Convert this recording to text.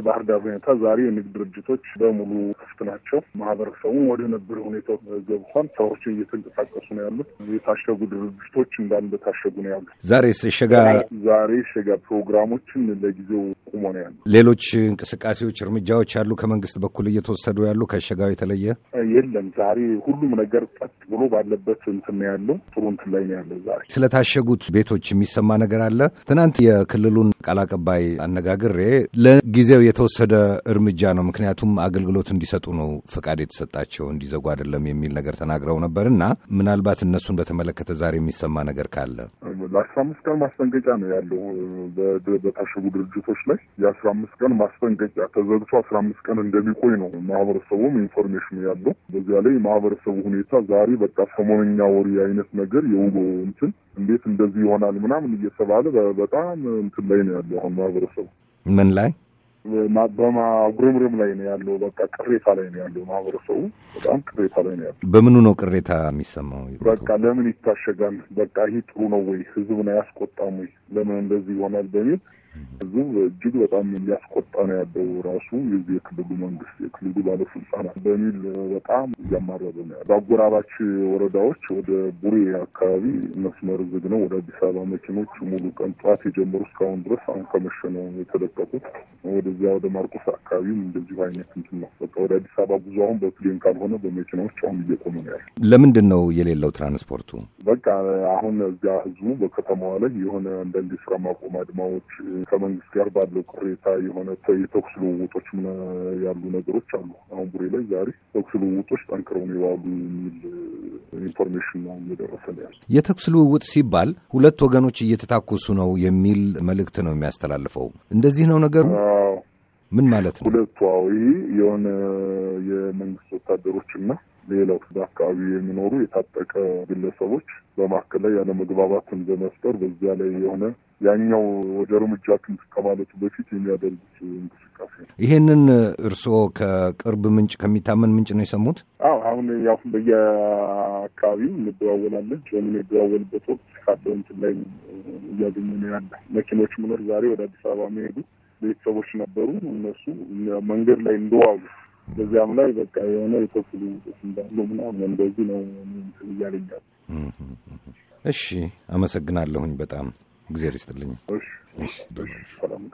የባህር ዳር ሁኔታ ዛሬ የንግድ ድርጅቶች በሙሉ ክፍት ናቸው። ማህበረሰቡም ወደ ነበረ ሁኔታ ገብቷል። ሰዎች እየተንቀሳቀሱ ነው ያሉት። የታሸጉ ድርጅቶች እንዳለ ታሸጉ ነው ያሉት። ዛሬ ሸጋ ዛሬ ሸጋ ፕሮግራሞችን ለጊዜው ቁሞ ነው ያሉ። ሌሎች እንቅስቃሴዎች፣ እርምጃዎች አሉ ከመንግስት በኩል እየተወሰዱ ያሉ ከሸጋው የተለየ የለም። ዛሬ ሁሉም ነገር ቀጥ ብሎ ባለበት እንትን ነው ያለው። ጥሩ እንትን ላይ ነው ያለው። ዛሬ ስለታሸጉት ቤቶች የሚሰማ ነገር አለ። ትናንት የክልሉን ቃል አቀባይ አነጋግሬ ለጊዜው የተወሰደ እርምጃ ነው፣ ምክንያቱም አገልግሎት እንዲሰጡ ነው ፈቃድ የተሰጣቸው እንዲዘጉ አይደለም የሚል ነገር ተናግረው ነበር እና ምናልባት እነሱን በተመለከተ ዛሬ የሚሰማ ነገር ካለ ለአስራ አምስት ቀን ማስጠንቀቂያ ነው ያለው በታሸጉ ድርጅቶች ላይ የአስራ አምስት ቀን ማስጠንቀቂያ ተዘግቶ አስራ አምስት ቀን እንደሚቆይ ነው ማህበረሰቡም ኢንፎርሜሽኑ ያለው። በዚያ ላይ ማህበረሰቡ ሁኔታ ዛሬ በቃ ሰሞነኛ ወሬ አይነት ነገር የውጎ እንትን እንዴት እንደዚህ ይሆናል ምናምን እየተባለ በጣም እንትን ላይ ነው ያለው አሁን ማህበረሰቡ ምን ላይ በማጉረምረም ላይ ነው ያለው። በቃ ቅሬታ ላይ ነው ያለው ማህበረሰቡ በጣም ቅሬታ ላይ ነው ያለው። በምኑ ነው ቅሬታ የሚሰማው? በቃ ለምን ይታሸጋል? በቃ ይህ ጥሩ ነው ወይ? ህዝቡን አያስቆጣም ወይ? ለምን እንደዚህ ይሆናል በሚል እዚም እጅግ በጣም የሚያስቆጣ ነው ያለው ራሱ የዚህ የክልሉ መንግስት የክልሉ ባለስልጣናት በሚል በጣም እያማረበ ነው በአጎራባች ወረዳዎች ወደ ቡሬ አካባቢ መስመር ዝግ ነው። ወደ አዲስ አበባ መኪኖች ሙሉ ቀን ጠዋት የጀመሩ እስካሁን ድረስ አሁን ከመሸ ነው የተለቀቁት። ወደዚያ ወደ ማርቆስ አካባቢም እንደዚሁ አይነት እንትን ነው። በቃ ወደ አዲስ አበባ ጉዞ አሁን በፕሌን ካልሆነ በመኪናዎች አሁን እየቆመ ነው ያለ። ለምንድን ነው የሌለው ትራንስፖርቱ? በቃ አሁን እዚያ ህዝቡ በከተማዋ ላይ የሆነ አንዳንድ የስራ ማቆም አድማዎች ከመንግስት ጋር ባለው ቅሬታ የሆነ የተኩስ ልውውጦች ያሉ ነገሮች አሉ። አሁን ቡሬ ላይ ዛሬ ተኩስ ልውውጦች ጠንክረው ነው የዋሉ የሚል ኢንፎርሜሽን ነው እየደረሰ ያለ። የተኩስ ልውውጥ ሲባል ሁለት ወገኖች እየተታኮሱ ነው የሚል መልእክት ነው የሚያስተላልፈው። እንደዚህ ነው ነገሩ። ምን ማለት ነው? ሁለቱ አዊ የሆነ የመንግስት ወታደሮችና ሌላው በአካባቢ የሚኖሩ የታጠቀ ግለሰቦች በመካከል ላይ ያለ መግባባትን በመፍጠር በዚያ ላይ የሆነ ያኛው ወደ እርምጃ ክንት ከማለቱ በፊት የሚያደርጉት እንቅስቃሴ ነው። ይሄንን እርስዎ ከቅርብ ምንጭ ከሚታመን ምንጭ ነው የሰሙት? አዎ አሁን ያው በየአካባቢው እንደዋወላለን። በምንደዋወልበት ወቅት ካለንትን ላይ እያገኘ ነው ያለ መኪኖች ምኖር ዛሬ ወደ አዲስ አበባ መሄዱ ቤተሰቦች ነበሩ። እነሱ መንገድ ላይ እንደዋሉ በዚያም ላይ በቃ የሆነ የተኩሉ እንዳሉ ምናምን እንደዚህ ነው እያለኛል። እሺ አመሰግናለሁኝ በጣም እግዜር ይስጥልኝ። እሺ ሰላም